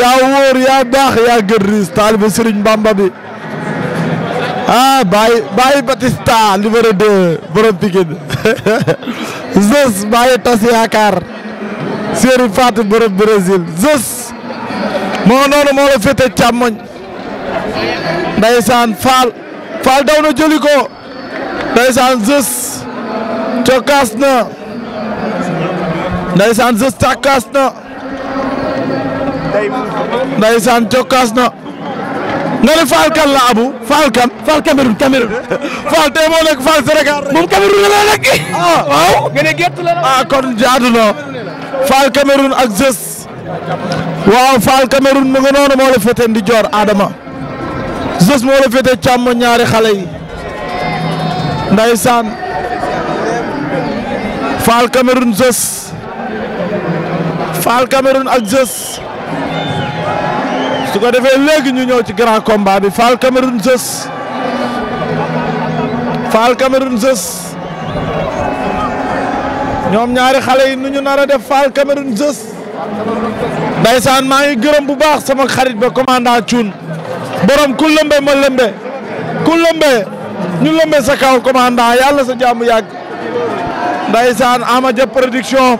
yaa wóor yaa baax yaa gën riis taaliba Serigne Bamba bi ah Baye Baye Batista numéro 2 borom Pikine Zos Baye tas yaakaar Serigne Fatou borom Brésil moo noonu moo la féete càmmoñ ndeysaan Fall Fall daw na jëli ko ndeysaan Zos cokkaas na ndeysaan ndeysaan jokkaas nga la abu Fall kan Fall tey moo la nekk ah waaw nga ne gerte la ah kon jaadu na Fall ak Zes waaw Fall Cameroun mu nga noonu moo la féete ndi joor Adama Zes moo la féete càmm ñaari xale yi ndeysaan Fall Cameroun Zes Fall ak Zes su ko defee léegi ñu ñëw ci grand combat bi Fall Cameroun Zeus Fall Cameroun Zeus ñoom ñaari xale yi nu ñu nar a def Fall Cameroun Zeus ndaysaan maa ngi gërëm bu baax sama xarit ba commandant Thioune borom ku lëmbe ma lëmbe ku lëmbe ñu lëmbe sa kaw commandant yàlla sa jàmm yàgg ndaysaan ama ja production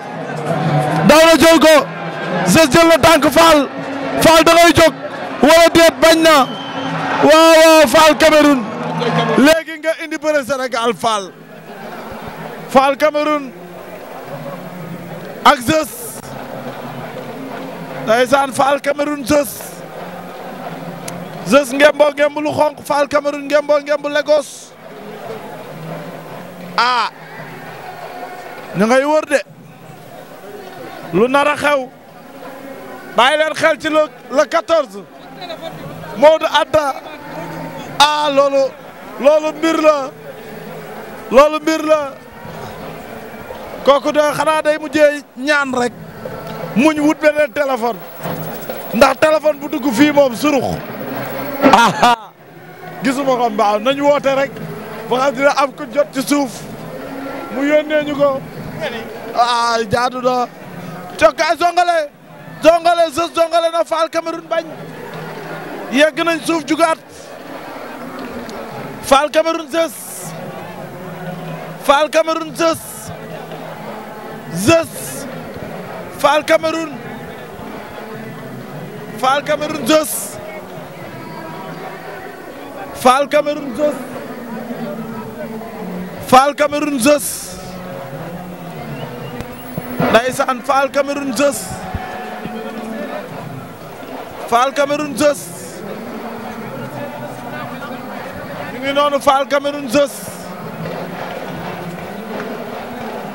daaw na jël ko Zeus jël na tànk Fall Fall da jóg wala déet bañ na waaw waaw Fall Cameroun léegi nga indi bëre Sénégal Fall Fall Cameroun ak Zeus ndeysaan Fall Cameroun Zeus Zeus ngemboo ngemb lu xonq Fall Cameroun ngemboo ngemb Lagos ah ñu ngay wër de lu nar xew bàyyi leen xel ci le le 14 Modou Anta ah loolu loolu mbir la loolu mbir kooku de xanaa day mujjee ñaan rek muñ wut beneen téléphone ndax téléphone bu dugg fii moom surux aha gisuma ko mbaaw nañ woote rek ba xam dina am ko jot ci suuf mu yónnee ñu ko ah jaadu na cokkaay zongale zongale sës zongale na faal Cameroun bañ yegg nañ suuf jugaat Fall Cameroun Zeus Fall Cameroun Zeus Zeus Fall Cameroun Fall Cameroun Zeus Fall Cameroun Zeus Fall Cameroun mu ngi noonu Fall Cameroun Zeus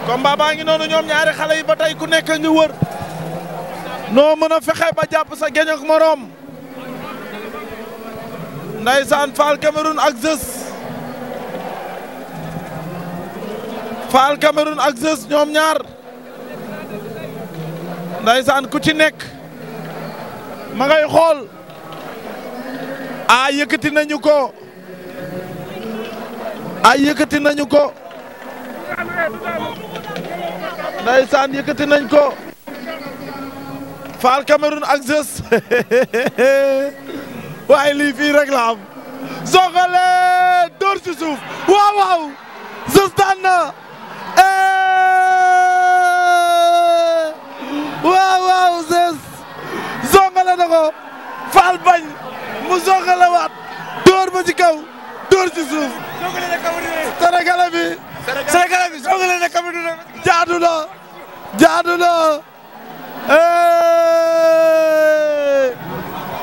combat baa ngi noonu ñoom ñaari xale yi ba tey ku nekk ngi wër noo mën a fexe ba jàpp sa geñ ak moroom ndaysaan Fall Cameroun ak Zeus Fall Cameroun ak Zeus ñoom ñaar ndaysaan ku ci nekk ma ngay xool a yëkkati nañu ko ay yëkkati nañu ko ndaysaan yëkkati nañ ko Faal Cameroun ak Zeus waaye lii rek la am Soxale dóor ci suuf waaw waaw Zeus daan na eh. Sénégalais bi soo ko leen ne jaadu na jaadu na